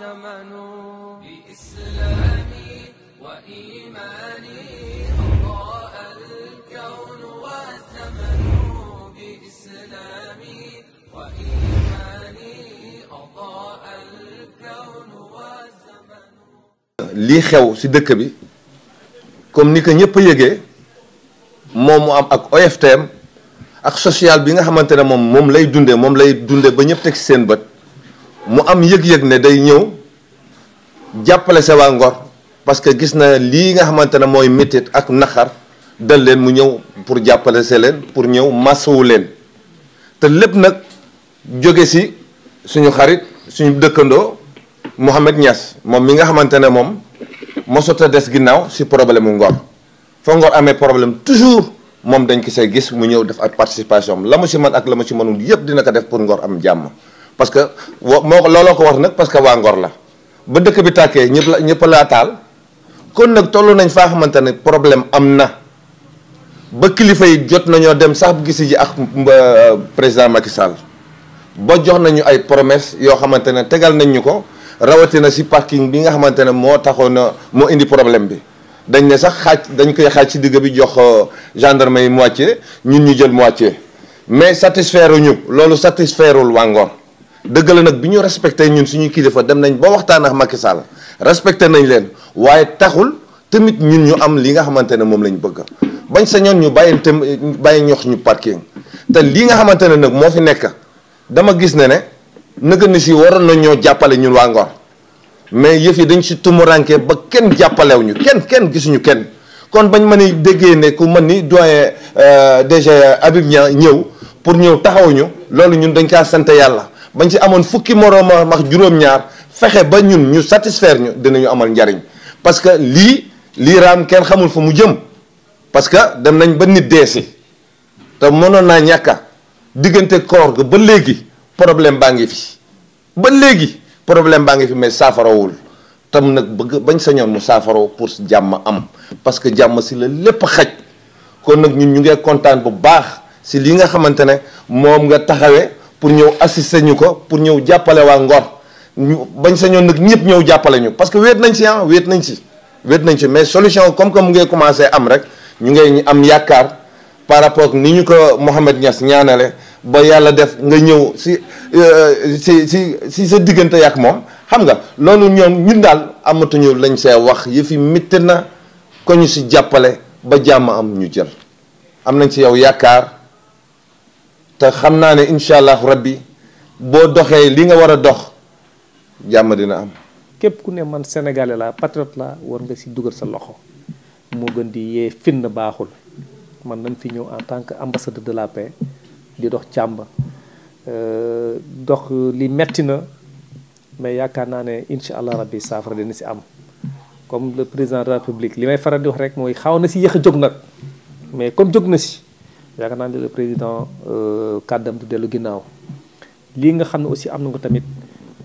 زمن بإسلامي وإيماني أضاء الكون والزمن comme ni ko ñëpp yëgee moom mu am ak OFTM ak social bi nga xamante ne moom moom lay dundee moom lay dunde ba ñëpp teg ci seen bët mu am yëg-yëg ne day ñëw jàppale sa waa Ngor parce que gis na lii nga xamante ne mooy métit ak naqar dal leen mu ñëw pour jàppale se leen pour ñëw masawu leen te lépp nag jóge si suñu xarit suñu dëkkandoo Mouhamed Niass moom mi nga xamante ne moom mosota des ginnaaw si problème mu Ngor fa Ngor amee problème toujours moom dañ ko see gis mu ñëw def ak participation la mu si man ak la mu si mënul yëpp dina ko def pour Ngor am jàmm parce que wa moo looloo ko war nag parce que wangoor la ba dëkk bi tàkkee ñëpp la ñëpp laa taal kon nag toll nañ faa xamante ne problème am na ba kilifa yi jot nañoo dem sax gisi ji ak président Macky Sall ba jox nañu ay promesse yoo xamante ne tegal nañ ñu ko rawatina si parking bi nga xamante ne moo taxoon na moo indi problème bi dañ ne sax xaaj dañ koy xaaj si digg bi jox euh, gendarme yi moitié ñun ñu jël moitié mais satisfaire ñu loolu satisfairewul waa Ngor dëgg la nag bi ñu respecté ñun suñu kilifa dem nañ ba waxtaan ak Macky Sall respecté nañ leen waaye taxul tamit ñun ñu am li nga xamante ne moom lañ bëgg bañ sañoon ñu bàyyi tam bàyyi ñox ñu parking te lii nga xamante ne nag moo fi nekk dama gis ne ne nëgë si waroon na ñoo jàppale ñun waa mais yëf yi dañ si tumuranke ba kenn jàppalewuñu kenn kenn gisuñu kenn kon bañ mën a déggee ne ku mën ni doyen euh, DG Habib Niang ñëw pour ñëw taxawuñu loolu ñun dañ kaa sant yàlla bañ si amoon fukki moroom ak juróom-ñaar fexe ba ñun ñu satisfaire ñu dinañu amal njariñ parce que lii lii raam kenn xamul fa mu jëm parce que dem nañ ba nit dee si te mënoon naa ñàkka diggante koor ga ba léegi problème baa ngi fi ba léegi problème baa ngi fi mais saafarawul tam nag bëgg bañ sañoon mu saafaraw pour jàmm am parce que jàmm si la lépp xaj kon nag ñun ñu ngee kontaan bu baax si lii nga xamante ne moom nga taxawee pour ñëw assister ñu ko pour ñëw jàppale waa Ngor ñu bañ sañoon nag ñëpp ñëw jàppale ñu parce que wéet nañ si ah wéet nañ si wéet nañ si mais solution comme que mu ngay commencé am rek ñu ngay am yaakaar par rapport ni ñu ko Mouhamed Niass ñaanale ba yàlla def nga ñëw si euh, si si si sa diggante yàq moom xam nga loolu ñoom ñun daal amatuñu lañ see wax yi yëfi métti na ko ñu si jàppale ba jàmm am ñu jël am nañ si yow yaakaar te xam naa ne incha allah rabbi boo doxee li nga war a dox jàmm dina am. képp ku ne man sénégalais laa patriote laa war nga si dugal sa loxo moo gën di yee finn baaxul man nañ fi ñëw en tant que ambassadeur de la paix di dox càmb euh, dox li metti na mais yaakaar naa ne incha allah rabbi saafara dina si am comme le président de la république li may faral di wax rek mooy xaw na si yéex a jóg nag mais comme jóg na si. yaakaar naa ne le président euh, kàddam du dellu ginnaaw lii nga xam ne aussi am na ko tamit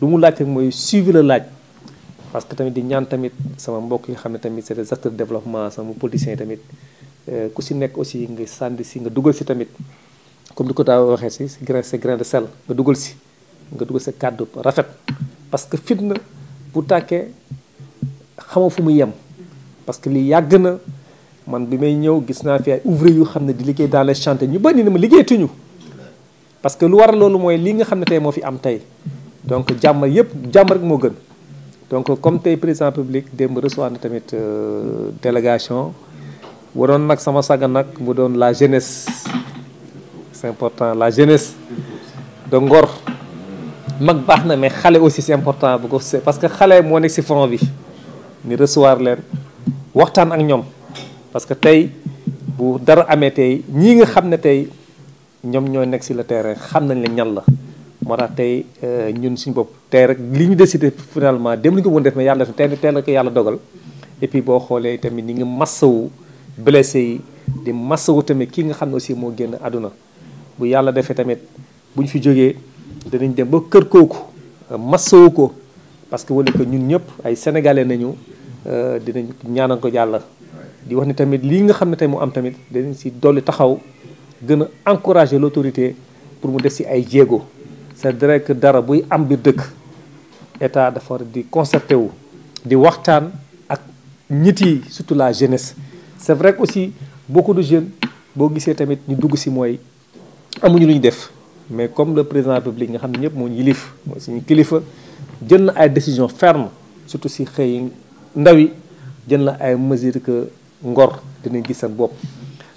lu mu laaj rek mooy suivi la laaj parce que tamit di ñaan tamit sama mbokk yi xam ne tamit c'est des acteurs de développement sama politiciens yi tamit euh, ku si nekk aussi nga sànni si nga dugal si tamit comme ni ko taa waxee si si grain sa de sel nga dugal si nga dugal sa kàddu rafet parce que fitna bu tàkkee xamoo fu mu yem parce que lii yàgg na man bi may ñëw gis naa fi ay ouvrier yu xam ne di liggéey daal les chantiers ñu bëri na ma liggéeyatuñu parce que lu war a loolu mooy li nga xam ne tey moo fi am tey donc jàmm yëpp jàmbar rek moo gën donc comme tey président public démb reçoit na tamit euh, délégation waroon nag sama saga nag mu doon la jeunesse c'est important la jeunesse de Ngor mag baax na mais xale aussi c'est important bu ko parce que xale moo nekk ci front bi ni recevoir leen waxtaan ak ñoom parce que tey bu dara amee tey ñii nga xam ne tey ñoom ñoo nekk si le terrain xam nañ la ñan la moo tax tey euh, ñun suñu bopp tey rek li ñu décidé finalement dem li ñu ko woon def mais yàlla def tey tey la ko yàlla dogal et boo xoolee tamit ñi ngi massawu blessé yi di massawu tamit kii nga xam ne aussi moo génn àdduna bu yàlla defee tamit bu ñu fi jógee danañ dem ba kër kooku euh, massawu ko parce que wala que ñun ñëpp ay sénégalais nañu euh, dinañ ñaanal ko yàlla di wax ni tamit lii nga xam ne tey mu am tamit dañ si dolli taxaw gën a encourager l'autorité pour mu def si ay jéego c'est vrai que dara buy am biir dëkk état dafa war di concerté wu di waxtaan ak nit yi surtout la jeunesse c'est vrai que aussi beaucoup de jeune boo gisee tamit ñu dugg si mooy amuñu lu ñu def mais comme le président de République nga xam ne ñëpp moo ñu yilif mooy suñu kilifa jël na ay décisions fermes surtout si xëy ndaw yi jël na ay mesures que ngor dinañ gis seen bopp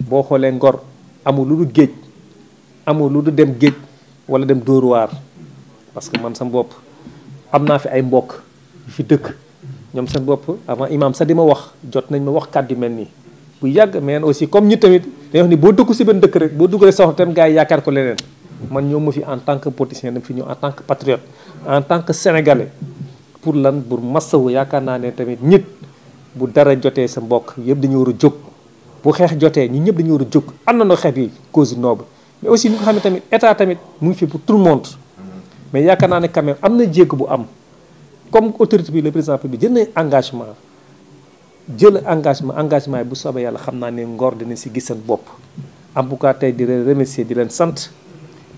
boo xoolee ngor amul lu du géej amul lu du dem géej wala dem dóoruwaar parce que man sam bopp am naa fi ay mbokk fi dëkk ñoom seen bopp avant imam sax di ma wax jot nañ ma wax kàddu yu mel nii bu yàgg mais aussi comme ñu tamit dañuy wax ni boo dëkku si benn dëkk rek boo dugalee sax tam gars yi yaakaar ko leneen man ñoo ma fi en tant que politicien dama fi ñëw en tant que patriote en tant que sénégalais pour lan pour massawu yaakaar naa ne tamit nit bu dara jotee sa mbokk yëpp dañu war a jóg bu xeex jotee ñu ñëpp dañu war a jóg am na xeex bi cause noble mais aussi xam ne tamit état tamit mu ngi fi pour tout le monde yaakaar naa ne quand am na jéego bu am comme autorité bi le président bi jël na engagement jël engagement engagement yi bu sobee yàlla xam naa ne Ngor dina si gis seen bopp en tout cas tey di leen remercier di leen sant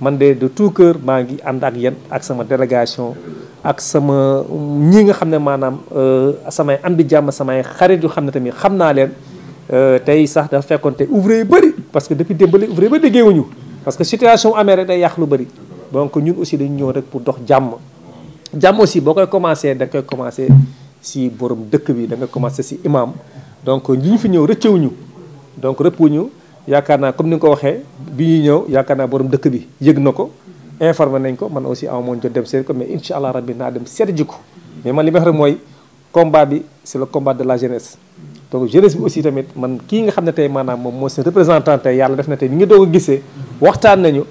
man de de tout cœur maa ngi ànd ak yéen ak sama délégation ak sama ñii nga xam ne maanaam euh, samay am di jàmm samay xarit yu xam ne tamit xam naa leen euh, tey sax dafa fekkoon te ouvrier yu bëri parce que depuis démbali ouvrier ba liggéeyuñu parce que situation amee rek day yàq lu bëri donc ñun aussi dañu ñëw rek pour dox jàmm jàmm aussi boo koy commencé da koy commencé si borom dëkk bi da nga commencé si imam donc ñi ñu fi ñëw rëccewuñu donc rëppuñu yaakaar naa comme ni nga ko waxee bi ñuy ñëw yaakaar naa borom dëkk bi yëg na ko informé nañ ko man aussi amoon jot dem seet ko mais incha allah rabbi naa dem seet ji ko mais man li may mooy combat bi c'est le combat de la jeunesse donc jeunesse bi aussi tamit man kii nga xam ne tey maanaam moom moo seen représentant tey yàlla def na tey ñu ngi doog a gisee waxtaan nañu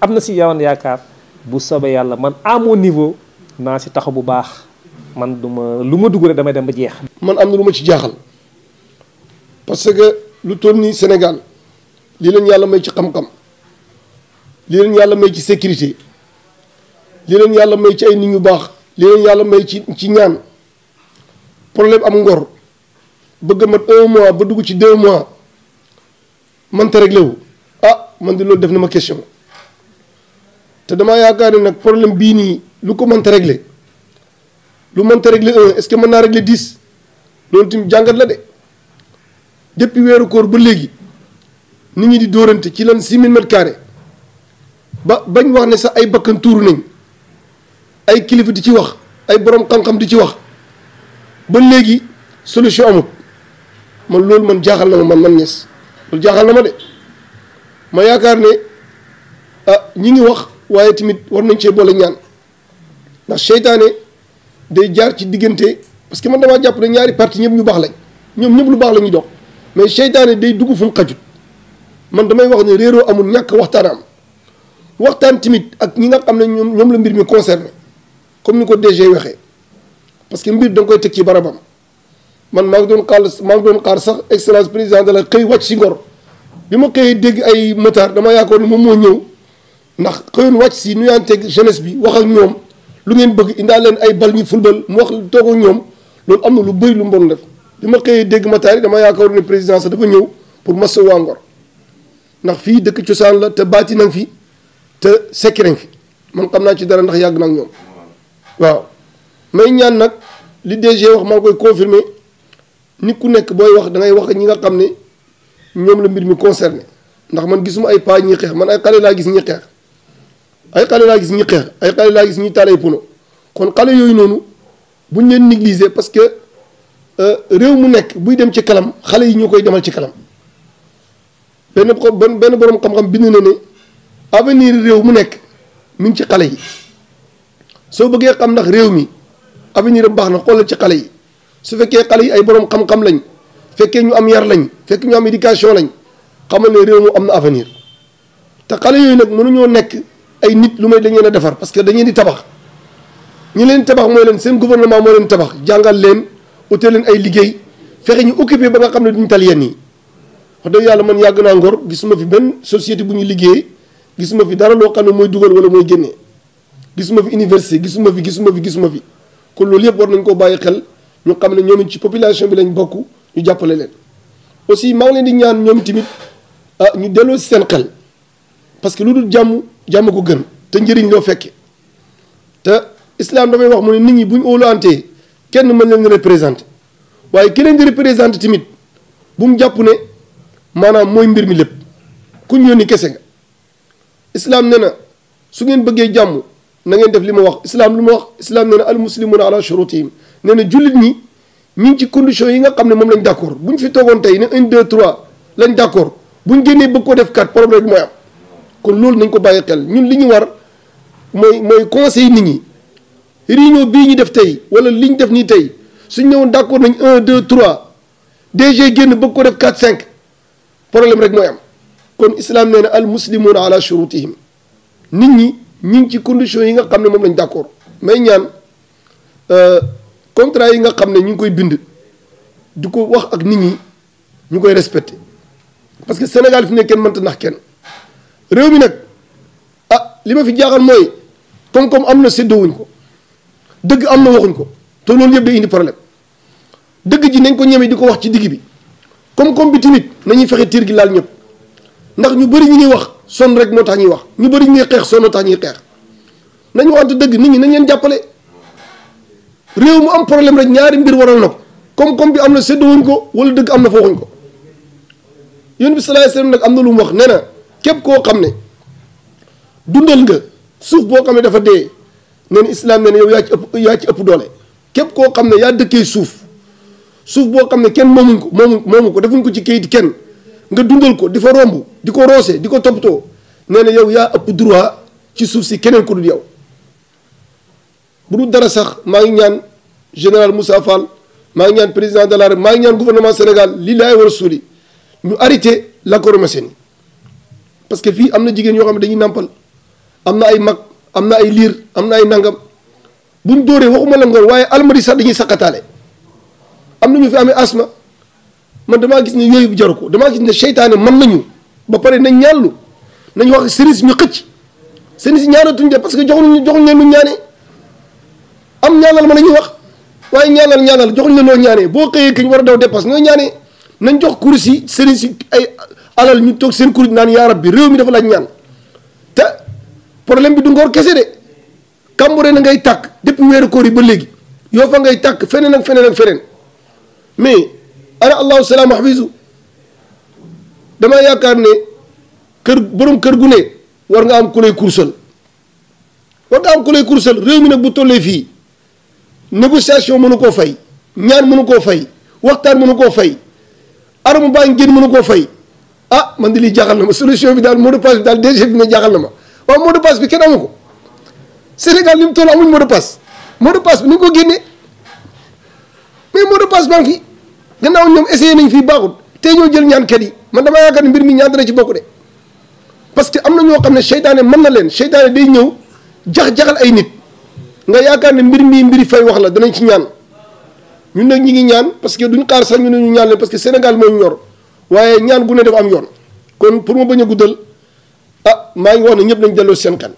am na si yawan yaakaar bu sobee yàlla man à niveau naa si taxaw bu baax man du ma lu ma dugg rek damay dem ba jeex. man am na lu ma ci jaaxal parce que lu toll Sénégal lii leen yàlla may ci xam-xam. li leen yàlla may ci sécurité li leen yàlla may ci ay nit ñu baax li leen yàlla may ci ci ñaan problème am ngor bëgg a mat un mois ba dugg ci deux mois mënta réglé wu ah man di loolu def na ma question te dama yaakaar ne nag problème bii nii lu ko mënta réglé lu mënta réglé un est-ce que man naa réglé dix loolu tamit jàngat la de depuis weeru koor ba léegi nit ñi di doorante ci lan six mille mètres ba bañ wax ne sax ay bakkan nañ ay kilifa di ci wax ay borom xam-xam di ci wax ba léegi solution amut man loolu man jaaxal na ma man man ñes loolu jaaxal na ma de ma yaakaar ne ah ñi ngi wax waaye tamit war nañ cee boole ñaan ndax seytaane day jaar ci diggante parce que man damaa jàpp ne ñaari parti ñëpp ñu baax lañ ñoom ñëpp lu baax la ñuy dox mais seytaane day dugg fu mu xajut man damay wax ne réeroo amul ñàkk waxtaan waxtaan tamit ak ñi nga xam ne ñoom ñoom la mbir mi concerné comme ni ko DG waxee parce que mbir da nga koy teg ci barabam man maa ngi doon xaar maa ngi doon xaar sax excellence président de la xëy wàcc si ngor bi ma xëyee dégg ay mataar dama yaakaar ni moom moo ñëw ndax xëyoon wàcc si nu yaan teg jeunesse bi wax ak ñoom lu ngeen bëgg indaa leen ay bal ñu fulbal mu wax toog ñoom loolu am na lu bëri lu mbon def bi ma këyee dégg mataar yi dama yaakaar ne président sax ñëw pour massa waa ngor ndax fii dëkk cosaan la te baati nañ fi te sekki nañ man xam naa ci dara ndax yàgg na ñoom waaw may ñaan nag li DG wax maa koy confirmé nit ku nekk booy wax da ngay wax ñi nga xam ne ñoom la mbir mi concerné ndax man gisuma ay paa ñi xeex man ay xale laa gis ñi xeex ay xale laa gis ñi xeex ay xale laa gis taal ay pono kon xale yooyu noonu buñ leen négliger parce que euh, réew mu nekk buy dem ci kalam xale yi ñoo koy demal ci kalam benn benn borom xam-xam bind na ne. avenir réew mu nekk mi ngi ci xale yi soo bëggee xam ndax réew mi avenir am baax na xool xoolal ci xale yi su fekkee xale yi ay borom xam-xam lañ fekkee ñu am yar lañ fekk ñu am éducation lañ xamal ne réew mu am na avenir te xale yooyu nag mënuñoo nekk ay nit lu may dañ leen a defar parce que dañ leen di tabax ñu leen tabax mooy leen seen gouvernement moo leen tabax jàngal leen ute leen ay liggéey fexe ñu occupé ba nga xam ne duñ tal yenn yi wax dëgg yàlla man yàgg naa ngor gisuma fi benn société bu liggéey gisuma fi dara loo xam ne mooy dugal wala mooy génne gisuma fi université gisuma fi gisuma fi gisuma fi kon loolu yëpp war nañ koo bàyyi xel ñu xam ne ñoom ci population bi lañ bokk ñu jàppale leen. aussi maa ngi leen di ñaan ñoom tamit ah, ñu delloo si seen xel parce que lu dul jàmm jàmm ko gën te njëriñ loo fekke te islam damay wax mu ne nit ñi bu ñu óoluwantee kenn mën leen représenté waaye keneen di représenté tamit bu mu jàpp ne maanaam mooy mbir mi lépp ku ñu yónni kese nga. islaam ne na su ngeen bëggee jàmm na ngeen def li ma wax islaam lu ma wax islaam ne na al muslimuna ala shurutihim nee na jullit ñi ñu ngi ci condition yi nga xam ne moom lañ d'accord bu ñu fi toogoon tey ne un deux trois lañ d'accord bu ñu génnee bëgg ko def quatre problème bi mooy am kon loolu nañ ko bàyyi xel ñun li ñu war mooy mooy conseil nit ñi réunion bii ñu def tey wala li def nii tey suñ ne woon nañ un deux trois DG génn bëgg ko def quatre cinq problème rek mooy am kon islam nee na al muslimuuna ala shurutihim nit ñi ñi ngi ci condition yi nga xam ne moom lañ d'accord may ñaan euh, contrat yi nga xam ne ñu ngi koy bind di ko wax ak nit ñi ñu koy respecté parce que Sénégal fi ne kenn mënta nax kenn réew mi nag ah li ma fi jaaxal mooy koom kom am na séddoowuñ ko dëgg am na waxuñ ko te loolu yëpp day indi problème dëgg ji nañ ko ñeme di ko wax ci digg bi koom kom bi tamit nañuy fexe tiir gi laal ñëpp ndax ñu bari ñu ñuy wax sonn rek moo tax ñuy wax ñu bari ñu ñuy xeex sonn moo tax ñuy xeex nañu waxante dëgg nit ñi nañ leen jàppale réew mu am problème rek ñaari mbir waral na ko koom-koom bi am na séddowuñ ko wala dëgg am na fooxuñ ko yonent bi sallallahu alayhi nag am na lu nee na képp koo xam ne dundal nga suuf boo xam ne dafa dee neen islam nee na yow yaa ci ëpp yaa ci ëpp doole képp koo xam ne yaa dëkkee suuf suuf boo xam ne kenn moomuñ ko moomu moomu ko defuñ ko ci kayit kenn nga dundal ko di fa romb di ko roose di ko toppatoo nee na yow yaa ëpp droit ci suuf si keneen ku dul yow bu dara sax maa ngi ñaan général Moussa Fall maa ngi ñaan président de la République maa ngi ñaan gouvernement Sénégal lii laay war a suuli ñu arrêté l'accordémocratie parce que fii am na jigéen yoo xam ne dañuy nàmpal am na ay mag am na ay liir am na ay nangam buñ dóoree waxuma la ngoon waaye almari sax dañuy saqataale am na ñu fi amee asma man damaa gis ne yooyu jaru ko damaa gis ne seytaane mën nañu ba pare nañ ñaanlu nañ wax sëriñ ñu xëcc sëriñ si ñaanatuñ de parce que joxuñu joxuñ leen lu ñaanee am ñaanal ma na ñuy wax waaye ñaanal ñaanal joxuñ leen loo ñaanee boo xëyee kañ war a daw dépasse nooy ñaane nañ jox kuris yi sëriñ si ay alal ñu toog seen kuris naan yaa rabbi réew mi dafa laaj ñaan te problème bi du ngoor kese de kàmbure na ngay tàkk depuis weeru koor yi ba léegi yoo fa ngay tàkk feneen ak feneen ak mais ana allahu salaam hafisu dama yaakaar ne kër borom kër gu ne war nga am ku lay kursal war nga am ku kursal réew mi nag bu tollee fii négociation mënu koo fay ñaan mënu koo fay waxtaan mënu koo fay arme baa ngeen mënu koo fay ah man di lii jaaxal na ma solution bi daal mot de passe bi daal DG bi ma jaaxal na ma waaw bi kenn amu ko Sénégal ni mu toll amuñ mot de passe mot de passe bi ko génnee mais mot de fi gannaaw ñoom essayé nañ fii baaxul tey ñoo jël ñaankat yi man damaa yaakaar ne mbir mi ñaan dana ci bokk de parce que am na ñoo xam ne seytaane mën na leen seytaane day ñëw jax-jaxal ay nit nga yaakaar ne mbir mii mbiri fay wax la danañ ci ñaan ñun nag ñu ngi ñaan parce que duñ kaar sax ñu ne ñu ñaan leen parce que Sénégal moo ñor waaye ñaan gu ne dafa am yoon kon pour ma bañ a guddal ah maa ngi wax na ñëpp nañ delloo seen kan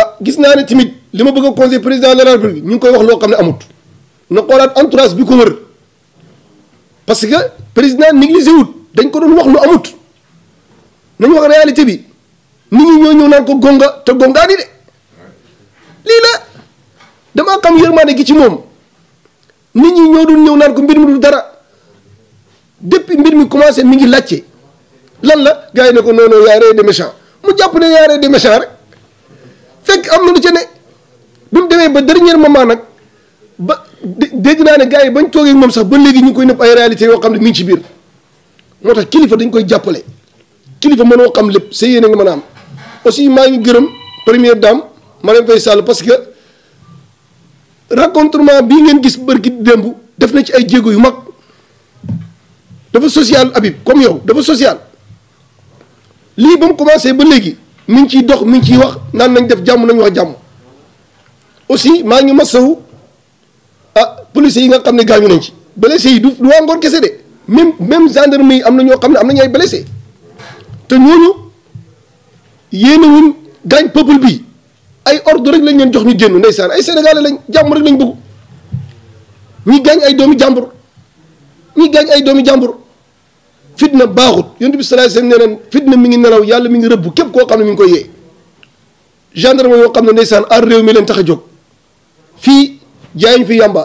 ah gis naa ne tamit li ma bëgg a conseil président de la ñu ngi koy wax loo xam ne amut na xoolaat entourage bi ko wër parce que président négligé wut dañ ko doon wax lu amut nañu wax réalité bi nit ñi ñoo ñëw naan ko gonga te gongaa ni de lii la damaa xam yërmaande gi ci moom nit ñi ñoo du ñëw naan ko mbir mi du dara depuis mbir mi commencé mi ngi laajte lan la gars ko non non yaa rey mu jàpp ne yaa rey de rek fekk am na lu ca ne bi demee ba dernier moment nag ba dégg naa ne gars yi bañ toogee moom sax ba léegi ñu ngi koy nëpp ay réalité yoo xam ne mi ngi ci biir moo tax kilifa dañ koy jàppale kilifa mënoo xam lépp sa yéene nga mën a am aussi maa ngi gërëm première dame Marième Faye Sall parce que rencontrement bii ngeen gis bërki démb def na ci ay jéego yu mag dafa social Habib comme yow dafa social lii ba commencé ba léegi mi ngi ciy dox mi ngi ciy wax naan nañ def jàmm nañ wax jàmm aussi maa ngi masawu policiers yi nga xam ne gaañu nañ ci blessé yi du du waa Ngor kese de même même gendarme yi am na ñoo xam ne am nañu ay blessé te ñooñu yéenewuñ gaañ peuple bi ay ordre rek lañ leen jox ñu génn saan ay sénégalais lañ jàmm rek lañ bëgg ñi gaañ ay doomi jàmbur ñi gaañ ay doomi jàmbur fitna baaxut yonent bi sallallahu alayhi wasallam nee na fitna mi ngi nelaw yàlla mi ngi rëbb képp koo xam ne mi ngi koy yee gendarme yoo xam ne ndeysaan ar réew mi leen tax a jóg fii jaayuñ fi yàmba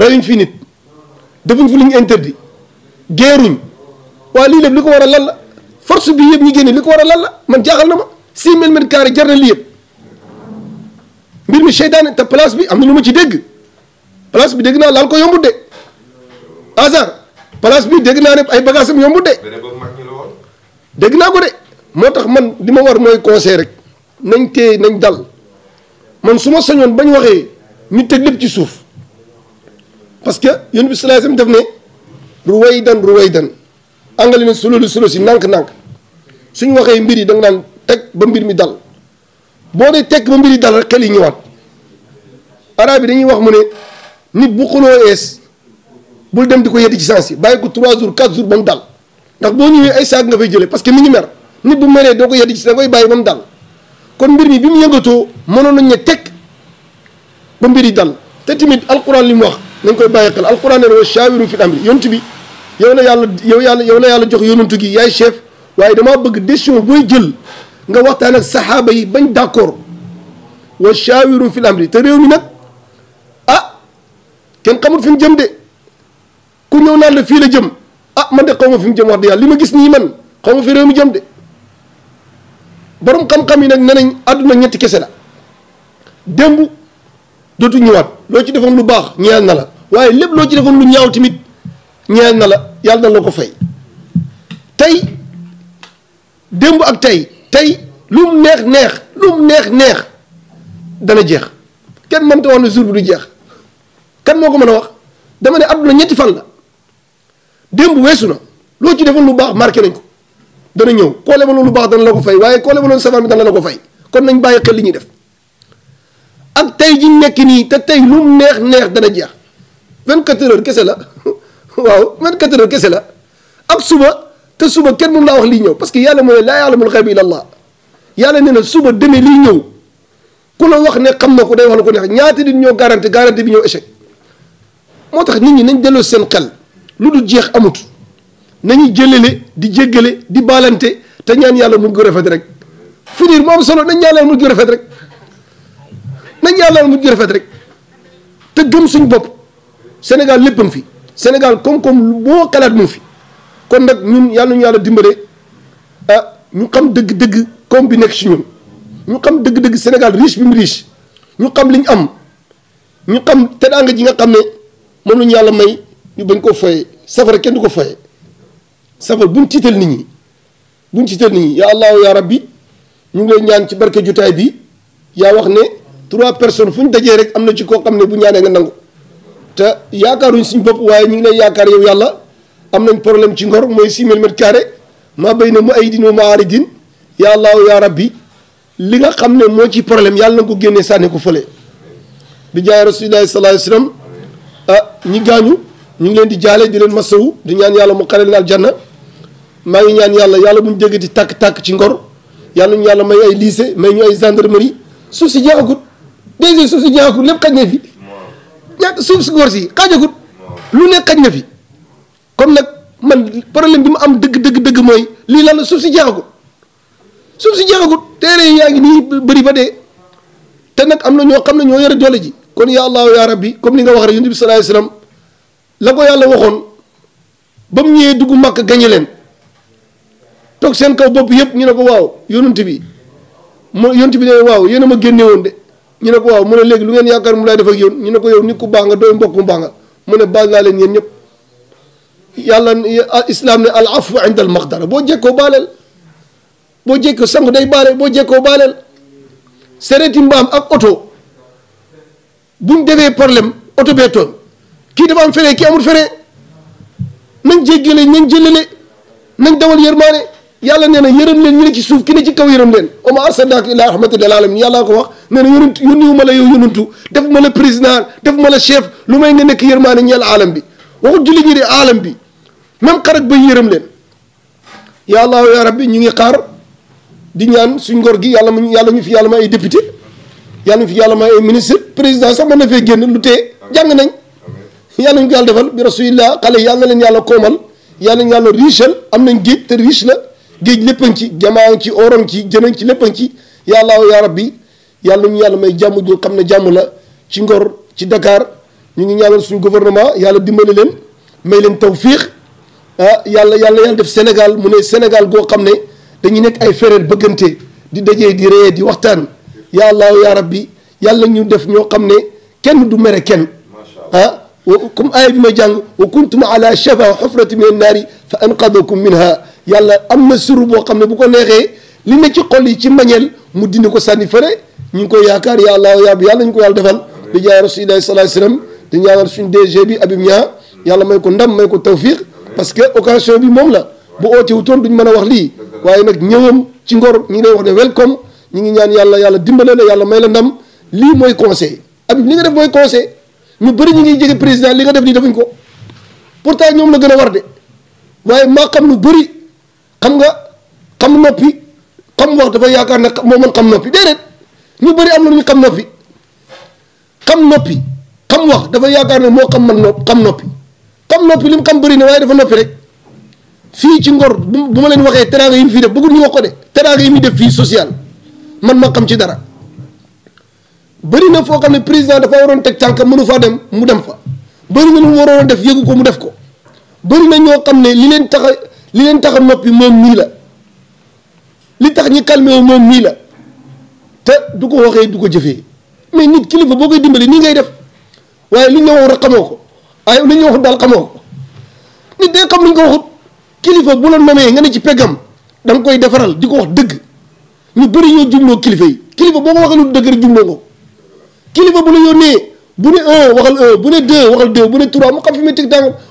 reyuñ fi nit defuñ fi luñ géeruñ waa lii lépp li ko war a lan la force bi yëpp ñu génne li ko war a lan la man jaaxal na ma six mille mètres carré jar na lii yëpp mbir mi seytaane te place bi am na lu ma ci dégg place bi dégg naa laal ko yombut de hasard place bi dégg naa ne ay bagages am yombut de dégg naa ko de moo tax man li ma war mooy conseil rek nañ téye nañ dal man suma ma sañoon bañ waxee ñu teg lépp ci suuf parce que yonent bi sallallahu alayhi wasallam def ne ruwaydan ruwaydan angale ne sulolu sulo si nànk-nànk suñ waxee mbir yi da naan teg ba mbir mi dal boo dee teg ba mbir yi dal rek xel yi ñëwaat arab yi dañuy wax mu ne nit bu xuloo ees bul dem di ko yeddi ci sens yi bàyyi ko 3 jours 4 jours ba mu dal ndax boo ñëwee ay saag nga fay jëlee parce que mi ngi mer nit bu meree doo ko yeddi ci sens koy bàyyi ba mu dal kon mbir mi bi mu yëngatoo mënoon nañ ne teg ba mbir yi dal te tamit alquran li mu wax nañ koy bàyyi xel alquran nee na wa shaawiru fil bi yow la yàlla yow yàlla yow la yàlla jox yonantu gi yaay chef waaye damaa bëgg décision booy jël nga waxtaan ak saxaaba yi bañ d'accord wa shaawiru fil amri te réew mi nag ah kenn xamul fi mu jëm de ku ñëw naan la fii la jëm ah man de xaw ma fi mu jëm wax de yàlla li ma gis nii man xaw ma fi réew mi jëm de borom xam-xam yi nag nee nañ àdduna ñetti kese la démb dootu waat loo ci defoon lu baax ñeel na la waaye lépp loo ci defoon lu ñaaw tamit ñeel na la yàlla na la ko fay tey démb ak tey tey lu mu neex neex lu mu neex neex dana jeex kenn mënta wax ne jour bi du jeex kan moo ko mën a wax dama ne àdduna ñetti fan la démb weesu na loo ci defoon lu baax marqué nañ ko dana ñëw koo lebaloon lu baax dana la ko fay waaye koo lebaloon safaan bi dana la ko fay kon nañ bàyyi xel li ñuy def ak tey ji nekk nii te tey lu mu neex neex dana jeex 24 heures kese la waaw 24 heures kese la ak suba te suba kenn mun laa wax lii ñëw parce que yàlla mooy laa ya'lamul ghayba illa Allah yàlla nee na suba demee lii ñëw ku la wax ne xam na ko day wax la ko neex ñaata nit ñoo garanti garanti bi ñëw échec moo tax nit ñi nañ delloo seen xel lu dul jeex amut nañu jëlale di jéggale di baalante te ñaan yàlla mu ngi rafet rek finir mu solo nañ ñaan mu ngi rafet rek. nañ yàlla mu mujj rafet rek te gëm suñ bopp Sénégal léppam fi Sénégal koom-koom boo mu fi kon nag ñun yàlla ñu yàlla dimbale ah ñu xam dëgg-dëgg koom bi nekk ci ñun ñu xam dëgg-dëgg Sénégal riche bi mu riche ñu xam li ñu am ñu xam teraanga ji nga xam ne moom la yàlla may ñu bañ koo fayee safara kenn du ko fayee safara buñ tiital nit ñi buñ tiital nit ñi yaa allahu yaa rabbi ñu ngi lay ñaan ci barke jotaay bi yaa wax ne trois personnes fu ñu dajee rek am na ci koo xam ne bu ñaanee nga nangu te yaakaaruñ suñ bopp waaye ñu ngi lay yaakaar yow yàlla am nañ problème ci ngor mooy six mille mètres maa bay na mu ay din ma aari din yaa allahu yaa rabbi li nga xam ne moo ci problème yàlla na ko génnee sànni ko fole bi jaay rasulillahi sallallahu alayhi wasallam ah ñi gaañu ñu ngi leen di jaale di leen masawu di ñaan yàlla mu xarel na aljanna maa ngi ñaan yàlla yàlla bu ñu dégg di tàkk-tàkk ci ngor yàlla yàlla may ay lycée may ñu ay gendarmerie suuf dèjà suuf si ñaakul lépp xaj na fi ñaata suuf si góor si xaajagut lu ne xaj na fi comme nag man problème bi mu am dëgg dëgg dëgg mooy lii lan suuf si jeexagut suuf si jeexagut téere yi yaa ngi nii bëri ba dee te nag am na ñoo xam ne ñoo yore doole ji kon ya allahu ya rabbi comme li nga wax rek yonent bi sallallahu alayhi wasallam la ko yàlla waxoon ba mu ñëwee dugg màkk gañe leen toog seen kaw bopp yëpp ñu ne ko waaw yonent bi mo yonent bi ne waaw yéen a ma génne woon de ñu ne ko waaw mu ne léegi lu ngeen yaakaar mu lay def yoon ñu ne ko yow nit ku baax nga dooy mbokk mu baax nga mu ne baal naa leen yéen ñëpp yàlla islam ne al afu inda al maqdara boo jekkoo baaleel boo jekkoo sangu day baale boo jekkoo baaleel sereeti mbaam ak oto buñ defee problème oto bee tooñ kii dafa am fere kii amul fere nañ jéggale nañ jëlale nañ dawal yërmaane yàlla nee na yërëm leen ñu ne ci suuf ki ne ci kaw yërëm leen oma arsalnaaka illaa rahmatan lil aalamiin yàllaa ko wax nee na yonent yónniwu ma la yow yonentu def ma la président def ma la chef lu may nga nekk yërmaane ñeel aalam bi waxut julli ñi de aalam bi même xarak ba yërëm leen ya allah ya rabbi ñu ngi xaar di ñaan suñ ngor gi yàlla mu yàlla ñu fi yàlla may ay député yàlla ñu fi yàlla may ay ministre président sax mën na fee génn lu tee jàng nañ yàlla ñu ko yàlla defal bi rasulillah xale yàlla leen yàlla koomal yàlla ñu yàlla richel am nañ géej te riche la géej lépp a ngi ci jamaa ngi ci oron ci jënañ ci lépp a ngi ci yàlla yaa rabbi yàlla ñu yàlla may jàmm ju xam ne jàmm la ci Ngor ci Dakar ñu ngi ñaanal suñu gouvernement yàlla dimbali leen may leen tawfiix ah yàlla yàlla yàlla def Sénégal mu ne Sénégal goo xam ne dañu nekk ay frères bëggante di dajee di ree di waxtaan yàlla yaa rabbi yàlla ñu def ñoo xam ne kenn du mere kenn ah comme aaya bi may jàng wa kuntum ala shafa xufrati min annaari fa anqadakum minha yàlla am na suru boo xam ne bu ko neexee li ne ci xol yi ci mbañeel mu dindi ko sànni fëre ñu ngi koy yaakaar ya allah ya bi yàlla ñu ko yàlla defal di jaay rasulilahi sallallahu alayhi wasallam di ñaanal suñu DG bi Habib Niang yàlla may ko ndam may ko tawfiq parce que occasion bi moom la bu oote wutoon duñ mën a wax lii waaye nag ñëwam ci ngor ñu ngi lay wax ne welcome ñu ngi ñaan yàlla yàlla dimbale la yàlla may la ndam lii mooy conseil Habib li nga def mooy conseil ñu bëri ñu ngi jege président li nga def nii defuñ ko pourtant ñoom la gën a war de waaye maa xam lu bëri xam nga xam noppi xam wax dafa yaakaar ne moo mën xam noppi déedéet ñu bëri am na lu ñu xam noppi xam noppi xam wax dafa yaakaar ne moo xam man no xam noppi xam noppi li mu xam bari na waaye dafa noppi rek fii ci ngor bu ma leen waxee teraanga yi mu fii def bëggul ñu ko de teraanga yi muy def fii social man ma xam ci dara bëri na foo xam ne président dafa waroon teg tànk mënu faa dem mu dem fa bëri na lu mu waroon def yëgu ko mu def ko bëri na ñoo xam ne li leen tax li leen tax a noppi moom nii la li tax ñi calmé wu moom nii la te du ko waxee du ko jëfee mais nit kilifa boo koy dimbali nii ngay def waaye lu ñu wax rek xamoo ko waaye lu ñu waxut daal xamoo ko nit day xam lu ñu ko waxut kilifa bu nomee nga ne ci pegam da koy defaral di ko wax dëgg ñu bëri ñoo jumloo kilifa yi kilifa boo ko waxee lu dëgg rek jumloo ko kilifa bu la yónnee bu ne un waxal un bu ne deux waxal deux bu ne trois mu xam fi muy teg